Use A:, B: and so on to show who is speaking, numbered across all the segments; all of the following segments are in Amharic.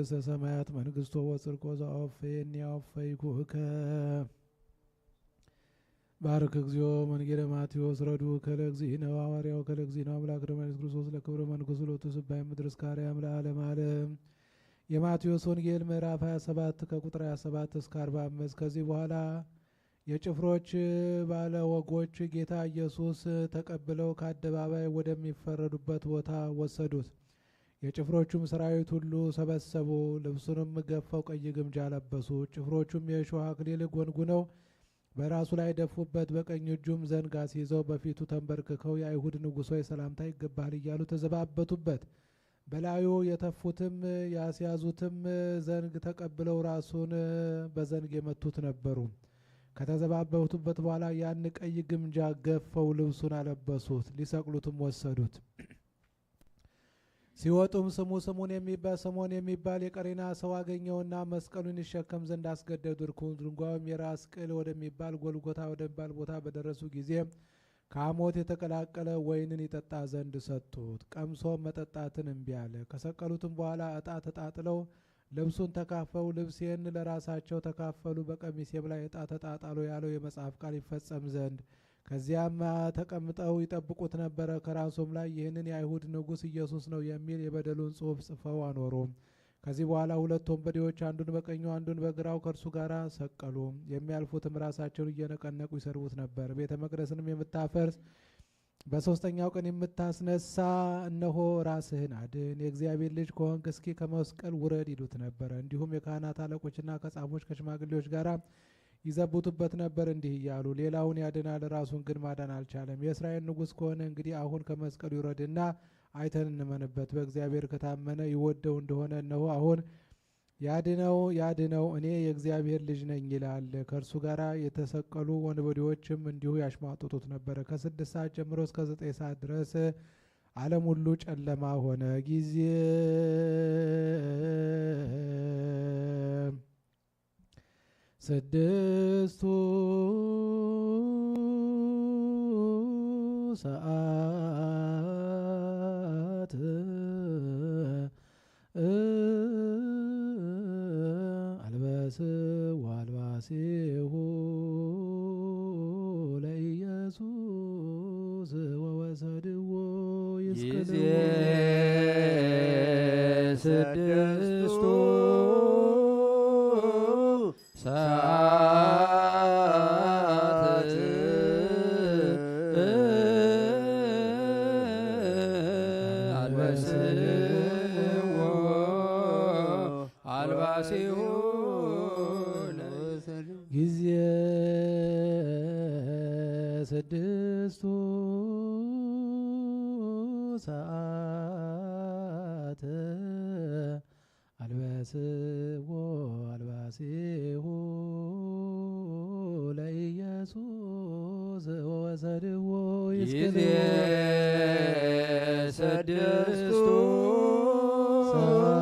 A: መንግስተ ሰማያት መንግስቶ ወፅድቆ ዘአወፈየኒ አወፈይኩህከ ባርክ እግዚኦ መንጌለ ማቴዎስ ረዱ ከለእግዚእነ ሐዋርያው ከለእግዚእነ አምላክ ደማ ክርስቶስ ለክብረ መንኩስ ሎቱ ስባይ ምድርስ ካርያም ለዓለም ዓለም የማቴዎስ ወንጌል ምዕራፍ 27 ከቁጥር 27 እስከ 45 ከዚህ በኋላ የጭፍሮች
B: ባለወጎች ጌታ ኢየሱስ ተቀብለው ከአደባባይ ወደሚፈረዱበት ቦታ ወሰዱት። የጭፍሮቹም ሰራዊት ሁሉ ሰበሰቡ፣ ልብሱንም ገፈው ቀይ ግምጃ ለበሱ። ጭፍሮቹም የእሾህ አክሊል ጎንጉነው በራሱ ላይ ደፉበት። በቀኝ እጁም ዘንግ ሲይዘው በፊቱ ተንበርክከው የአይሁድ ንጉሶ ሰላምታ ይገባል እያሉ ተዘባበቱበት። በላዩ የተፉትም ያስያዙትም ዘንግ ተቀብለው ራሱን በዘንግ የመቱት ነበሩ። ከተዘባበቱበት በኋላ ያን ቀይ ግምጃ ገፈው ልብሱን አለበሱት፣ ሊሰቅሉትም ወሰዱት። ሲወጡም ስሙ ስሙን የሚባል ስምዖን የሚባል የቀሬና ሰው አገኘውና መስቀሉን ይሸከም ዘንድ አስገደዱት። ድንጋዩም የራስ ቅል ወደሚባል ጎልጎታ ወደሚባል ቦታ በደረሱ ጊዜ ከሐሞት የተቀላቀለ ወይንን ይጠጣ ዘንድ ሰጡት። ቀምሶ መጠጣትን እምቢ አለ። ከሰቀሉትም በኋላ ዕጣ ተጣጥለው ልብሱን ተካፈው ልብሴን ለራሳቸው ተካፈሉ፣ በቀሚሴም ላይ ዕጣ ተጣጣሉ ያለው የመጽሐፍ ቃል ይፈጸም ዘንድ ከዚያም ተቀምጠው ይጠብቁት ነበረ። ከራሱም ላይ ይህንን የአይሁድ ንጉሥ ኢየሱስ ነው የሚል የበደሉን ጽሑፍ ጽፈው አኖሩ። ከዚህ በኋላ ሁለት ወንበዴዎች አንዱን በቀኙ አንዱን በግራው ከእርሱ ጋር ሰቀሉ። የሚያልፉትም ራሳቸውን እየነቀነቁ ይሰርቡት ነበር። ቤተ መቅደስንም የምታፈርስ በሶስተኛው ቀን የምታስነሳ እነሆ ራስህን አድን፣ የእግዚአብሔር ልጅ ከሆንክ እስኪ ከመስቀል ውረድ ይሉት ነበረ። እንዲሁም የካህናት አለቆችና ከጻፎች ከሽማግሌዎች ጋራ ይዘቡትበት ነበር እንዲህ እያሉ። ሌላውን ያድናል ራሱን ግን ማዳን አልቻለም። የእስራኤል ንጉሥ ከሆነ እንግዲህ አሁን ከመስቀሉ ይውረድና አይተን እንመንበት። በእግዚአብሔር ከታመነ ይወደው እንደሆነ እነሆ አሁን ያድነው ያድነው፣ እኔ የእግዚአብሔር ልጅ ነኝ ይላል። ከእርሱ ጋር የተሰቀሉ ወንበዴዎችም እንዲሁ ያሽሟጥጡት ነበረ። ከስድስት ሰዓት ጀምሮ እስከ ዘጠኝ ሰዓት ድረስ ዓለም ሁሉ ጨለማ ሆነ ጊዜ ስድስቱ ሰዓት አልበስው አልባሲሁ ለኢየሱስ ወወሰድዎ ይስቅድዎ ስድስት በስድስቱ ሰዓት አልበስዎ አልባሲሁ ለኢየሱስ ወሰድዎ ይስክል ስድስቱ ሰዓት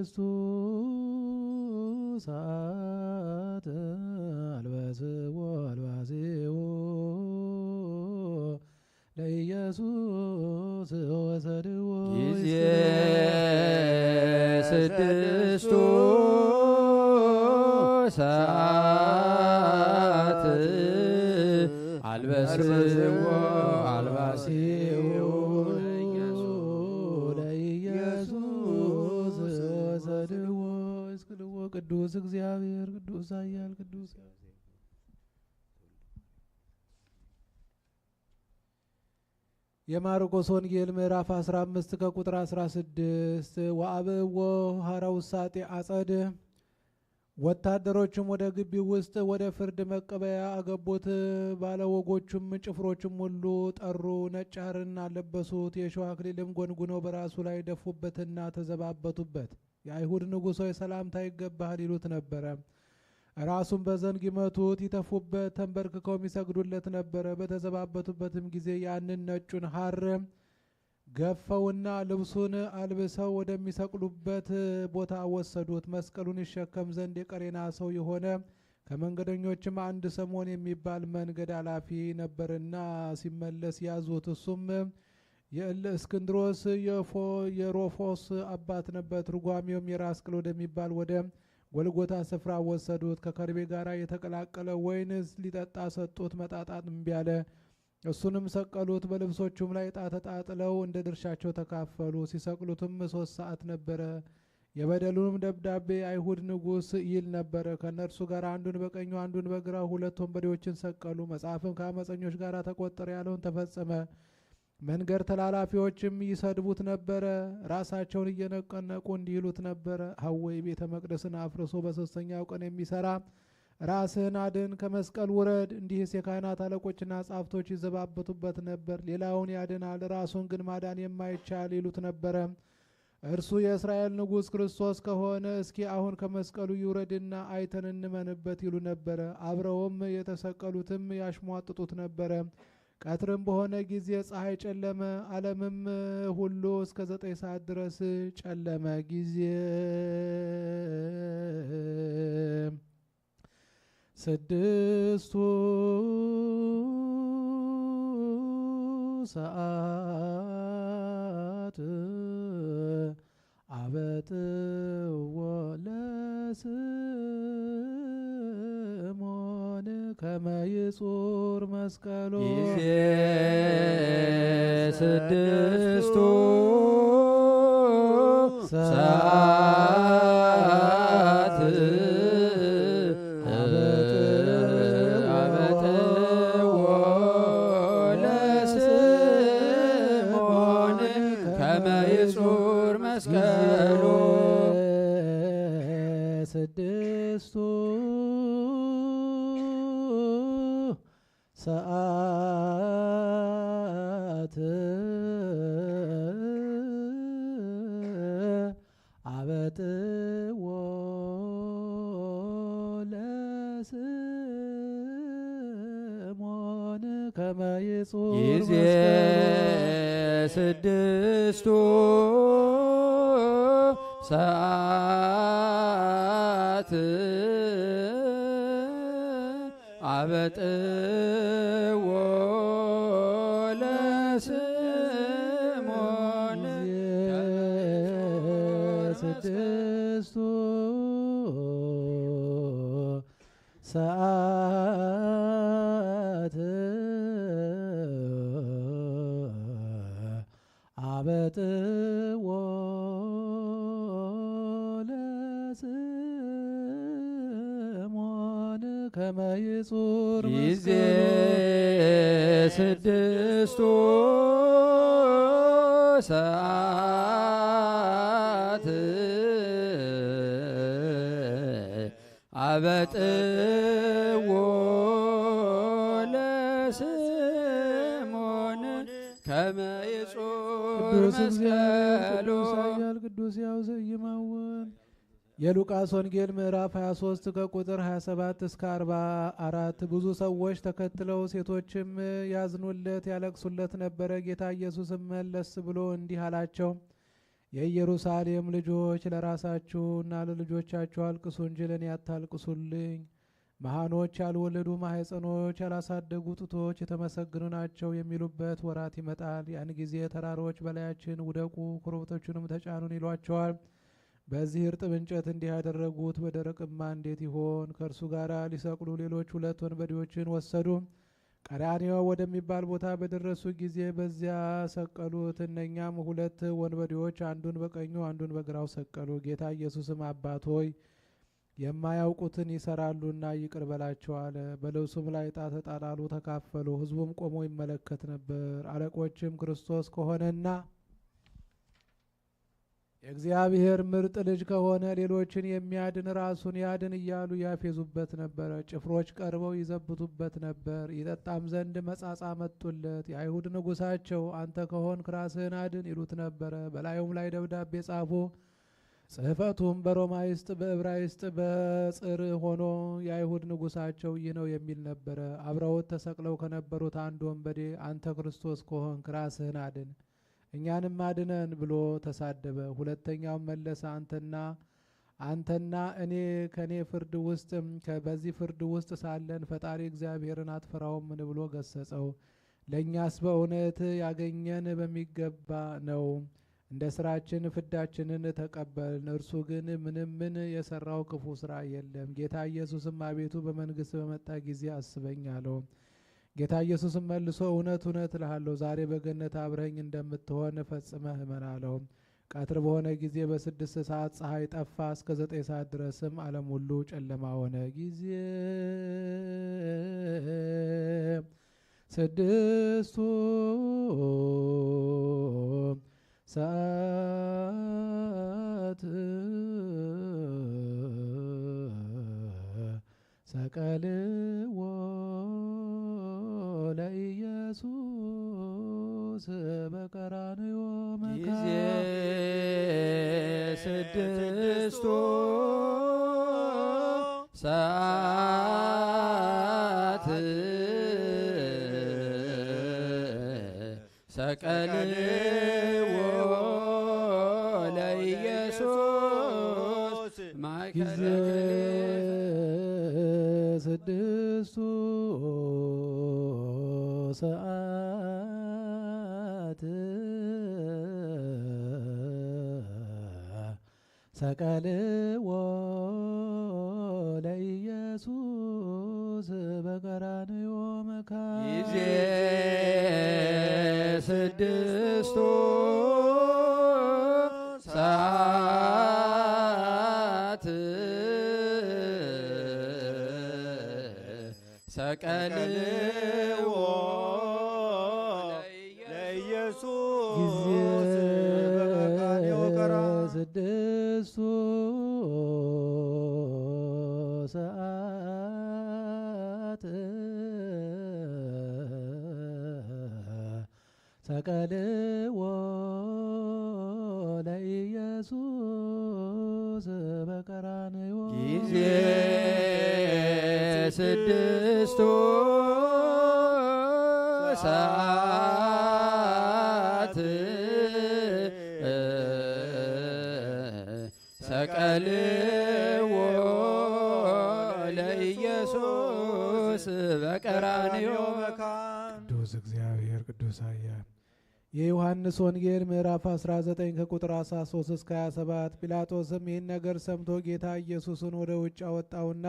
B: ክርስቶስ አት አልበስዎ አልባዜዎ ለኢየሱስ ወሰድዎ ጊዜ ስድ የማርቆስ ወንጌል ምዕራፍ 15 ከቁጥር 16 ወአብዎ ኀረው ሳጤ አጸድ ወታደሮችም ወደ ግቢ ውስጥ ወደ ፍርድ መቀበያ አገቡት። ባለወጎቹም ጭፍሮችም ሁሉ ጠሩ፣ ነጭ ሐርን አለበሱት። የሸዋ አክሊልም ጎንጉነው በራሱ ላይ ደፉበትና ተዘባበቱበት። የአይሁድ ንጉሥ ሰላምታ ይገባሃል ይሉት ነበረ። ራሱን በዘንግ ይመቱት፣ ይተፉበት፣ ተንበርክከው የሚሰግዱለት ነበረ። በተዘባበቱበትም ጊዜ ያንን ነጩን ሐር ገፈውና ልብሱን አልብሰው ወደሚሰቅሉበት ቦታ ወሰዱት። መስቀሉን ይሸከም ዘንድ የቀሬና ሰው የሆነ ከመንገደኞችም አንድ ሰሞን የሚባል መንገድ አላፊ ነበርና ሲመለስ ያዙት። እሱም የእስክንድሮስ የሮፎስ አባት ነበር። ትርጓሜውም የራስ ቅል ወደሚባል ወደ ጎልጎታ ስፍራ ወሰዱት። ከከርቤ ጋር የተቀላቀለ ወይንስ ሊጠጣ ሰጡት። መጣጣት እምቢ አለ። እሱንም ሰቀሉት። በልብሶቹም ላይ ዕጣ ተጣጥለው እንደ ድርሻቸው ተካፈሉ። ሲሰቅሉትም ሶስት ሰዓት ነበረ። የበደሉንም ደብዳቤ አይሁድ ንጉሥ ይል ነበረ። ከእነርሱ ጋር አንዱን በቀኙ አንዱን በግራ ሁለት ወንበዴዎችን ሰቀሉ። መጽሐፍም ከአመፀኞች ጋር ተቆጠረ ያለውን ተፈጸመ። መንገድ ተላላፊዎችም ይሰድቡት ነበረ። ራሳቸውን እየነቀነቁ እንዲሉት ነበረ፣ አወይ ቤተ መቅደስን አፍርሶ በሶስተኛው ቀን የሚሰራ ራስህን አድን፣ ከመስቀል ውረድ። እንዲህስ የካህናት አለቆችና ጻፍቶች ይዘባበቱበት ነበር። ሌላውን ያድናል፣ ራሱን ግን ማዳን የማይቻል ይሉት ነበረ። እርሱ የእስራኤል ንጉሥ ክርስቶስ ከሆነ እስኪ አሁን ከመስቀሉ ይውረድና አይተን እንመንበት ይሉ ነበረ። አብረውም የተሰቀሉትም ያሽሟጥጡት ነበረ። ቀትርም በሆነ ጊዜ ፀሐይ ጨለመ፣ ዓለምም ሁሉ እስከ ዘጠኝ ሰዓት ድረስ ጨለመ። ጊዜ ስድስቱ ሰዓት አበጥ ወለስ ከመ ይጹር መስቀሎ ስድስቱ ሰዓት ሰዓት አበጥዎ ለስሞን ከመይጹር ጊዜ ስድስቱ ሰዓት አበጥዎ ለስምዖን ስድስቱ ሰዓት አበጥ ለመይጹር ጊዜ ስድስቱ ሰዓት አበጥዎ ለስምዖን ከመይጹር መስቀሉ ቅዱስ ያው ዘይመውን የሉቃስ ወንጌል ምዕራፍ 23 ከቁጥር 27 እስከ 44። ብዙ ሰዎች ተከትለው ሴቶችም ያዝኑለት ያለቅሱለት ነበረ። ጌታ ኢየሱስም መለስ ብሎ እንዲህ አላቸው፣ የኢየሩሳሌም ልጆች ለራሳችሁና ለልጆቻችሁ አልቅሱ እንጂ ለእኔ አታልቅሱልኝ። መሃኖች ያልወለዱ ማህፀኖች ያላሳደጉ ጡቶች የተመሰግኑ ናቸው የሚሉበት ወራት ይመጣል። ያን ጊዜ ተራሮች በላያችን ውደቁ፣ ኮረብቶቹንም ተጫኑን ይሏቸዋል። በዚህ እርጥብ እንጨት እንዲህ ያደረጉት በደረቅማ እንዴት ይሆን? ከእርሱ ጋር ሊሰቅሉ ሌሎች ሁለት ወንበዴዎችን ወሰዱ። ቀራንዮ ወደሚባል ቦታ በደረሱ ጊዜ በዚያ ሰቀሉት። እነኛም ሁለት ወንበዴዎች አንዱን በቀኙ አንዱን በግራው ሰቀሉ። ጌታ ኢየሱስም አባት ሆይ የማያውቁትን ይሰራሉና ይቅር በላቸው አለ። በልብሱም ላይ ዕጣ ተጣጣሉ፣ ተካፈሉ። ሕዝቡም ቆሞ ይመለከት ነበር። አለቆችም ክርስቶስ ከሆነና የእግዚአብሔር ምርጥ ልጅ ከሆነ ሌሎችን የሚያድን ራሱን ያድን እያሉ ያፌዙበት ነበረ። ጭፍሮች ቀርበው ይዘብቱበት ነበር። ይጠጣም ዘንድ መጻጻ መጡለት። የአይሁድ ንጉሳቸው አንተ ከሆንክ ራስህን አድን ይሉት ነበረ። በላዩም ላይ ደብዳቤ ጻፉ። ጽሕፈቱም በሮማይስጥ በዕብራይስጥ፣ በጽር ሆኖ የአይሁድ ንጉሳቸው ይህ ነው የሚል ነበረ። አብረውት ተሰቅለው ከነበሩት አንድ ወንበዴ አንተ ክርስቶስ ከሆንክ ራስህን አድን እኛንም አድነን ብሎ ተሳደበ። ሁለተኛውም መለሰ አንተና አንተና እኔ ከእኔ ፍርድ ውስጥ በዚህ ፍርድ ውስጥ ሳለን ፈጣሪ እግዚአብሔርን አትፈራውምን ብሎ ገሰጸው። ለእኛስ በእውነት ያገኘን በሚገባ ነው፣ እንደ ስራችን ፍዳችንን ተቀበልን። እርሱ ግን ምንም ምን የሰራው ክፉ ስራ የለም። ጌታ ኢየሱስም አቤቱ በመንግስት በመጣ ጊዜ አስበኝ አለው። ጌታ ኢየሱስም መልሶ እውነት እውነት እልሃለሁ ዛሬ በገነት አብረኝ እንደምትሆን ፈጽመህ እመን አለው። ቀትር በሆነ ጊዜ በስድስት ሰዓት ፀሐይ ጠፋ፣ እስከ ዘጠኝ ሰዓት ድረስም ዓለም ሁሉ ጨለማ ሆነ። ጊዜ ስድስቱ ሰዓት ሰቀልዎ ሎለ ኢየሱስ በቀራንዮ መካን ጊዜ ስድስቱ ሰዓት ሰቀልዎ ለኢየሱስ ጊዜ ስድስቱ ሰዓት ሰቀልዎ ለኢየሱስ በቀራ ክርስቶስ ሰዓት ሰቀልዎ ለኢየሱስ በቀራንዮ ጊዜ ስድስቱ ሰዓት እንጸልዎ ለኢየሱስ በቀራንዮ መካን። ቅዱስ እግዚአብሔር ቅዱስ ኃያል የዮሐንስ ወንጌል ምዕራፍ 19 ከቁጥር 13 እስከ 27። ጲላጦስም ይህን ነገር ሰምቶ ጌታ ኢየሱስን ወደ ውጭ አወጣውና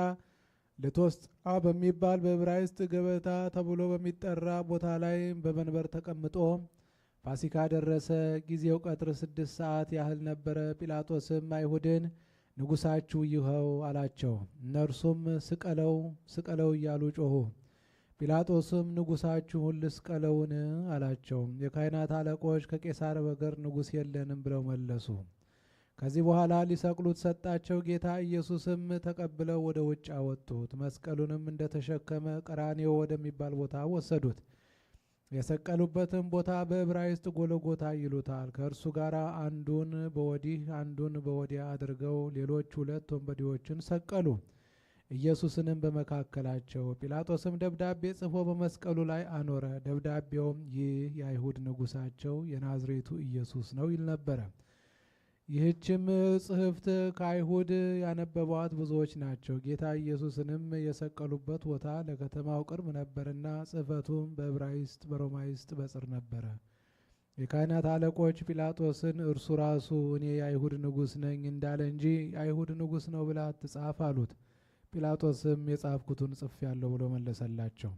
B: ልቶስጣ በሚባል በዕብራይስጥ ገበታ ተብሎ በሚጠራ ቦታ ላይ በመንበር ተቀምጦ ፋሲካ ደረሰ። ጊዜው ቀትር ስድስት ሰዓት ያህል ነበረ። ጲላጦስም አይሁድን ንጉሳችሁ ይኸው አላቸው። እነርሱም ስቀለው ስቀለው እያሉ ጮኹ። ጲላጦስም ሁል ልስቀለውን አላቸው። የካህናት አለቆች ከቄሳር በገር ንጉሥ የለንም ብለው መለሱ። ከዚህ በኋላ ሊሰቅሉት ሰጣቸው። ጌታ ኢየሱስም ተቀብለው ወደ ውጭ አወጡት። መስቀሉንም እንደተሸከመ ቀራንዮ ወደሚባል ቦታ ወሰዱት። የሰቀሉበትን ቦታ በዕብራይስጥ ጎለጎታ ይሉታል። ከእርሱ ጋር አንዱን በወዲህ አንዱን በወዲያ አድርገው ሌሎች ሁለት ወንበዴዎችን ሰቀሉ፣ ኢየሱስንም በመካከላቸው። ጲላጦስም ደብዳቤ ጽፎ በመስቀሉ ላይ አኖረ። ደብዳቤውም ይህ የአይሁድ ንጉሳቸው የናዝሬቱ ኢየሱስ ነው ይል ነበረ። ይህችም ጽሕፍት ከአይሁድ ያነበቧት ብዙዎች ናቸው። ጌታ ኢየሱስንም የሰቀሉበት ቦታ ለከተማው ቅርብ ነበርና ጽሕፈቱም በዕብራይስጥ፣ በሮማይስጥ በጽር ነበረ። የካህናት አለቆች ጲላጦስን እርሱ ራሱ እኔ የአይሁድ ንጉሥ ነኝ እንዳለ እንጂ የአይሁድ ንጉሥ ነው ብላ አትጻፍ አሉት። ጲላጦስም የጻፍኩትን ጽፌአለሁ ብሎ መለሰላቸው።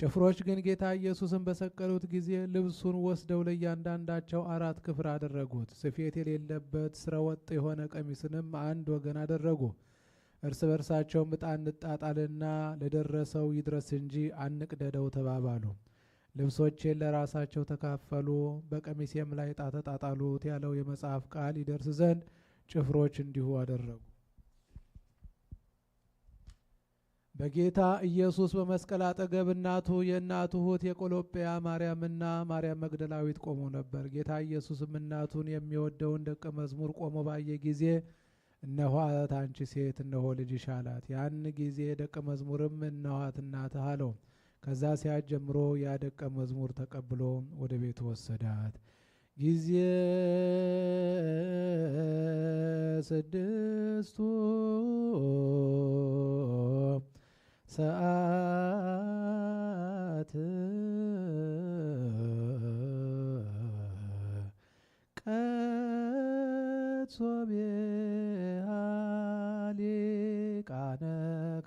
B: ጭፍሮች ግን ጌታ ኢየሱስን በሰቀሉት ጊዜ ልብሱን ወስደው ለእያንዳንዳቸው አራት ክፍል አደረጉት። ስፌት የሌለበት ስረ ወጥ የሆነ ቀሚስንም አንድ ወገን አደረጉ። እርስ በርሳቸውም ምጣ እንጣጣልና ለደረሰው ይድረስ እንጂ አንቅደደው ተባባሉ። ልብሶቼን ለራሳቸው ተካፈሉ፣ በቀሚሴም ላይ ዕጣ ተጣጣሉት ያለው የመጽሐፍ ቃል ይደርስ ዘንድ ጭፍሮች እንዲሁ አደረጉ። በጌታ ኢየሱስ በመስቀል አጠገብ እናቱ የእናቱ እህት የቆሎጵያ ማርያምና ማርያም መግደላዊት ቆሞ ነበር። ጌታ ኢየሱስም እናቱን የሚወደውን ደቀ መዝሙር ቆሞ ባየ ጊዜ እነኋት አንቺ ሴት እነሆ ልጅሽ አላት። ያን ጊዜ ደቀ መዝሙርም እነኋት እናትህ አለው። ከዛ ሲያት ጀምሮ ያ ደቀ መዝሙር ተቀብሎ ወደ ቤቱ ወሰዳት። ጊዜ ስድስቱ ሰዓት ቀጾ ቤሃ ሊቃነ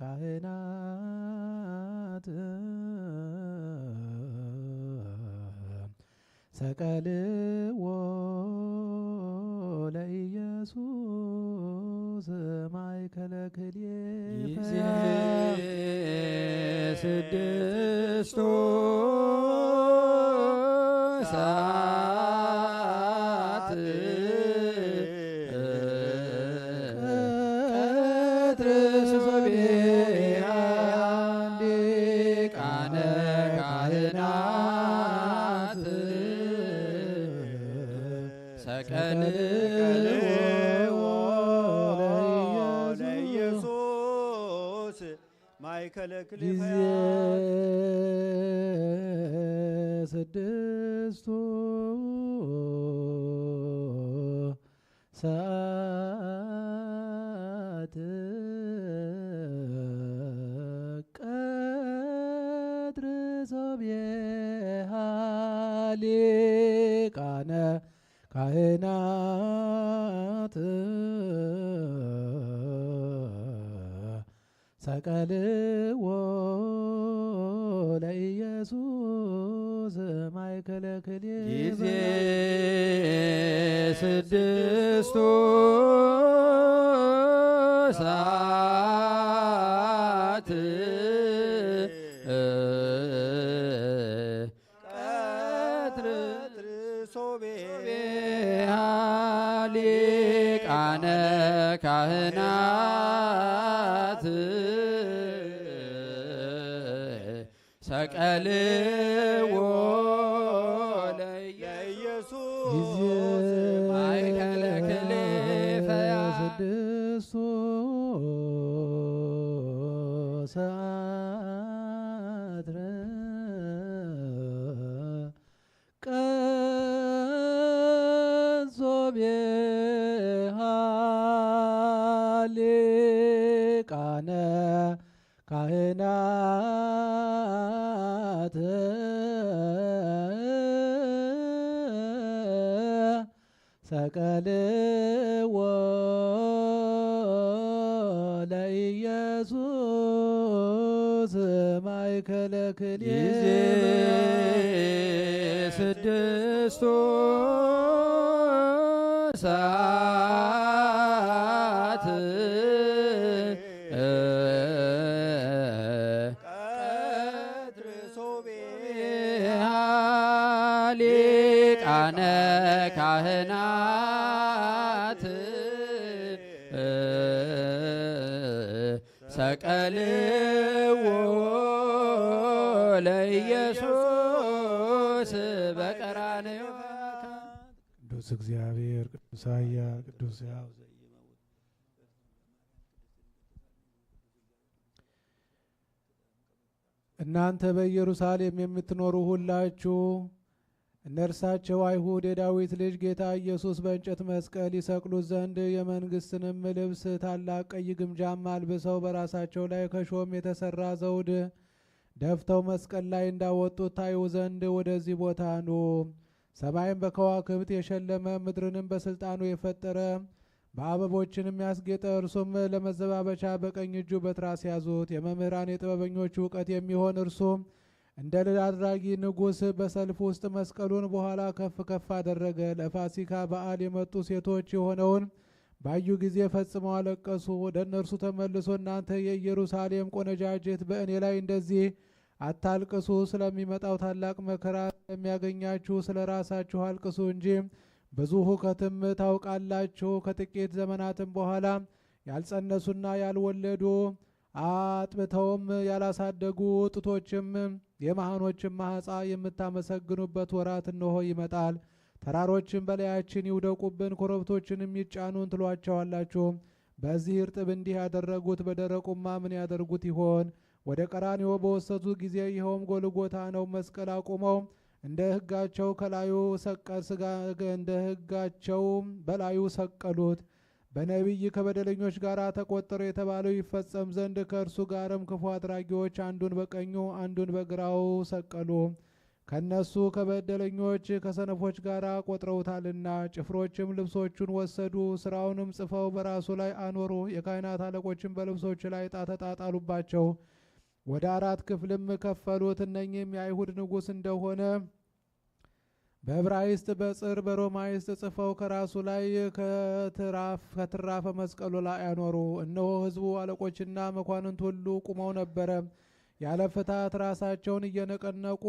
B: ካህናት ሰቀልዎ ለኢየሱስ ማእከለ ክልኤፈ ስድስቱ ሶብየሃ ሊቃነ ካህናት ሰቀልዎ ለኢየሱስ ማእከለ ክልኤ ጊዜ ስድስቱ ሰቀልዎ ለኢየሱስ ማእከለ ክልኤፈያ ስድስቱ ማእከለ ክልኤ ስድስቱ እናንተ በኢየሩሳሌም የምትኖሩ ሁላችሁ እነርሳቸው አይሁድ የዳዊት ልጅ ጌታ ኢየሱስ በእንጨት መስቀል ይሰቅሉት ዘንድ የመንግሥትንም ልብስ ታላቅ ቀይ ግምጃም አልብሰው በራሳቸው ላይ ከሾም የተሰራ ዘውድ ደፍተው መስቀል ላይ እንዳወጡት ታዩ ዘንድ ወደዚህ ቦታ ኑ። ሰማይን በከዋክብት የሸለመ ምድርንም በስልጣኑ የፈጠረ በአበቦችንም ያስጌጠ እርሱም ለመዘባበቻ በቀኝ እጁ በትራስ ያዙት። የመምህራን የጥበበኞች እውቀት የሚሆን እርሱም እንደ ልል አድራጊ ንጉሥ በሰልፍ ውስጥ መስቀሉን በኋላ ከፍ ከፍ አደረገ። ለፋሲካ በዓል የመጡ ሴቶች የሆነውን ባዩ ጊዜ ፈጽመው አለቀሱ። ወደ እነርሱ ተመልሶ እናንተ የኢየሩሳሌም ቆነጃጅት በእኔ ላይ እንደዚህ አታልቅሱ፣ ስለሚመጣው ታላቅ መከራ ስለሚያገኛችሁ ስለ ራሳችሁ አልቅሱ እንጂ ብዙ ሁከትም ታውቃላችሁ። ከጥቂት ዘመናትም በኋላ ያልጸነሱና ያልወለዱ አጥብተውም ያላሳደጉ ጡቶችም የመሃኖችን ማኅፃ የምታመሰግኑበት ወራት እነሆ ይመጣል። ተራሮችን በላያችን ይውደቁብን፣ ኮረብቶችንም ይጫኑን ትሏቸዋላችሁ። በዚህ እርጥብ እንዲህ ያደረጉት በደረቁማ ምን ያደርጉት ይሆን? ወደ ቀራንዮ በወሰዱት ጊዜ ይኸውም ጎልጎታ ነው መስቀል አቁመው እንደ ሕጋቸው ከላዩ እንደ ሕጋቸው በላዩ ሰቀሉት። በነቢይ ከበደለኞች ጋር ተቆጠረ የተባለው ይፈጸም ዘንድ ከእርሱ ጋርም ክፉ አድራጊዎች አንዱን በቀኙ አንዱን በግራው ሰቀሉ። ከነሱ ከበደለኞች ከሰነፎች ጋር ቆጥረውታልና። ጭፍሮችም ልብሶቹን ወሰዱ፣ ስራውንም ጽፈው በራሱ ላይ አኖሩ። የካህናት አለቆችም በልብሶቹ ላይ ዕጣ ተጣጣሉባቸው። ወደ አራት ክፍልም ከፈሉት። እነኚህም የአይሁድ ንጉሥ እንደሆነ በዕብራይስጥ በጽር በሮማይስጥ ጽፈው ከራሱ ላይ ከተራፈ መስቀሉ ላይ ያኖሩ። እነሆ ሕዝቡ አለቆችና መኳንንት ሁሉ ቁመው ነበረ። ያለ ፍታት ራሳቸውን እየነቀነቁ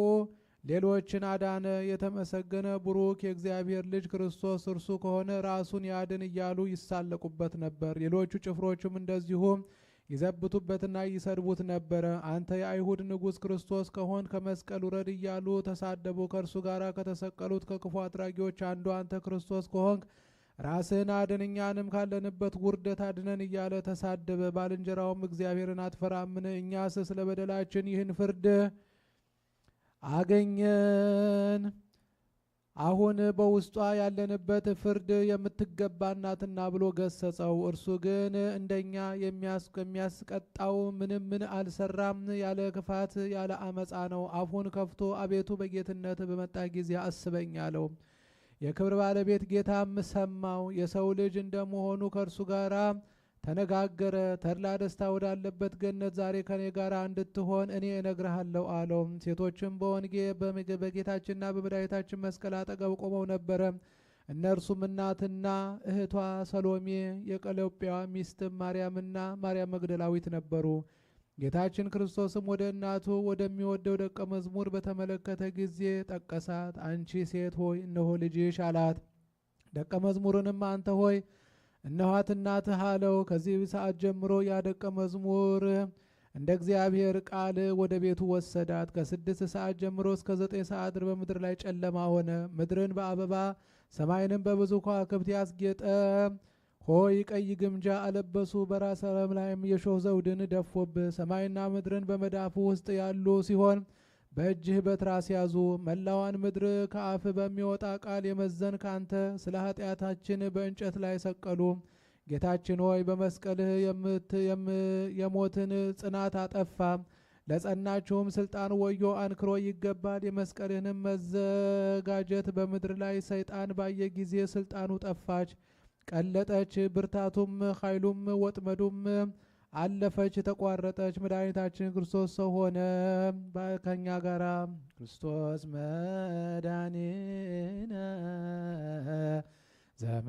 B: ሌሎችን አዳነ። የተመሰገነ ብሩክ የእግዚአብሔር ልጅ ክርስቶስ እርሱ ከሆነ ራሱን ያድን እያሉ ይሳለቁበት ነበር። ሌሎቹ ጭፍሮችም እንደዚሁም ይዘብቱበትና ይሰድቡት ነበረ። አንተ የአይሁድ ንጉሥ ክርስቶስ ከሆን ከመስቀል ውረድ እያሉ ተሳደቡ። ከእርሱ ጋር ከተሰቀሉት ከክፉ አድራጊዎች አንዱ አንተ ክርስቶስ ከሆንክ ራስህን አድን እኛንም ካለንበት ውርደት አድነን እያለ ተሳደበ። ባልንጀራውም እግዚአብሔርን አትፈራምን? እኛስ ስለ በደላችን ይህን ፍርድ አገኘን። አሁን በውስጧ ያለንበት ፍርድ የምትገባናትና ብሎ ገሰጸው። እርሱ ግን እንደኛ የሚያስቀጣው ምንም ምን አልሰራም፣ ያለ ክፋት ያለ አመፃ ነው። አፉን ከፍቶ አቤቱ በጌትነት በመጣ ጊዜ አስበኝ አለው። የክብር ባለቤት ጌታም ሰማው። የሰው ልጅ እንደመሆኑ ከእርሱ ጋራ ተነጋገረ። ተድላ ደስታ ወዳለበት ገነት ዛሬ ከኔ ጋር እንድትሆን እኔ እነግርሃለሁ አለው። ሴቶችም በወንጌ በጌታችንና በመድኃኒታችን መስቀል አጠገብ ቆመው ነበረ። እነርሱም እናትና እህቷ ሰሎሜ፣ የቀለጵያ ሚስትም ማርያምና ማርያም መግደላዊት ነበሩ። ጌታችን ክርስቶስም ወደ እናቱ ወደሚወደው ደቀ መዝሙር በተመለከተ ጊዜ ጠቀሳት። አንቺ ሴት ሆይ እነሆ ልጅሽ አላት። ደቀ መዝሙርንም አንተ ሆይ እነኋት እናትህ አለው። ከዚህ ሰዓት ጀምሮ ያደቀ መዝሙር እንደ እግዚአብሔር ቃል ወደ ቤቱ ወሰዳት። ከስድስት ሰዓት ጀምሮ እስከ ዘጠኝ ሰዓት በምድር ላይ ጨለማ ሆነ። ምድርን በአበባ ሰማይንም በብዙ ከዋክብት ያስጌጠ ሆይ ቀይ ግምጃ አለበሱ። በራስ ላይም የሾህ ዘውድን ደፎብ ሰማይና ምድርን በመዳፉ ውስጥ ያሉ ሲሆን በእጅህ በትራስ ያዙ። መላዋን ምድር ከአፍ በሚወጣ ቃል የመዘን ካንተ ስለ ኃጢአታችን በእንጨት ላይ ሰቀሉ። ጌታችን ሆይ በመስቀልህ የሞትን ጽናት አጠፋ። ለጸናችሁም ስልጣን ወዮ አንክሮ ይገባል። የመስቀልህንም መዘጋጀት በምድር ላይ ሰይጣን ባየ ጊዜ ስልጣኑ ጠፋች፣ ቀለጠች። ብርታቱም ኃይሉም ወጥመዱም አለፈች፣ ተቋረጠች። መድኃኒታችን ክርስቶስ ሰው ሆነ ከኛ ጋራ። ክርስቶስ መድኃኒነ ዘመ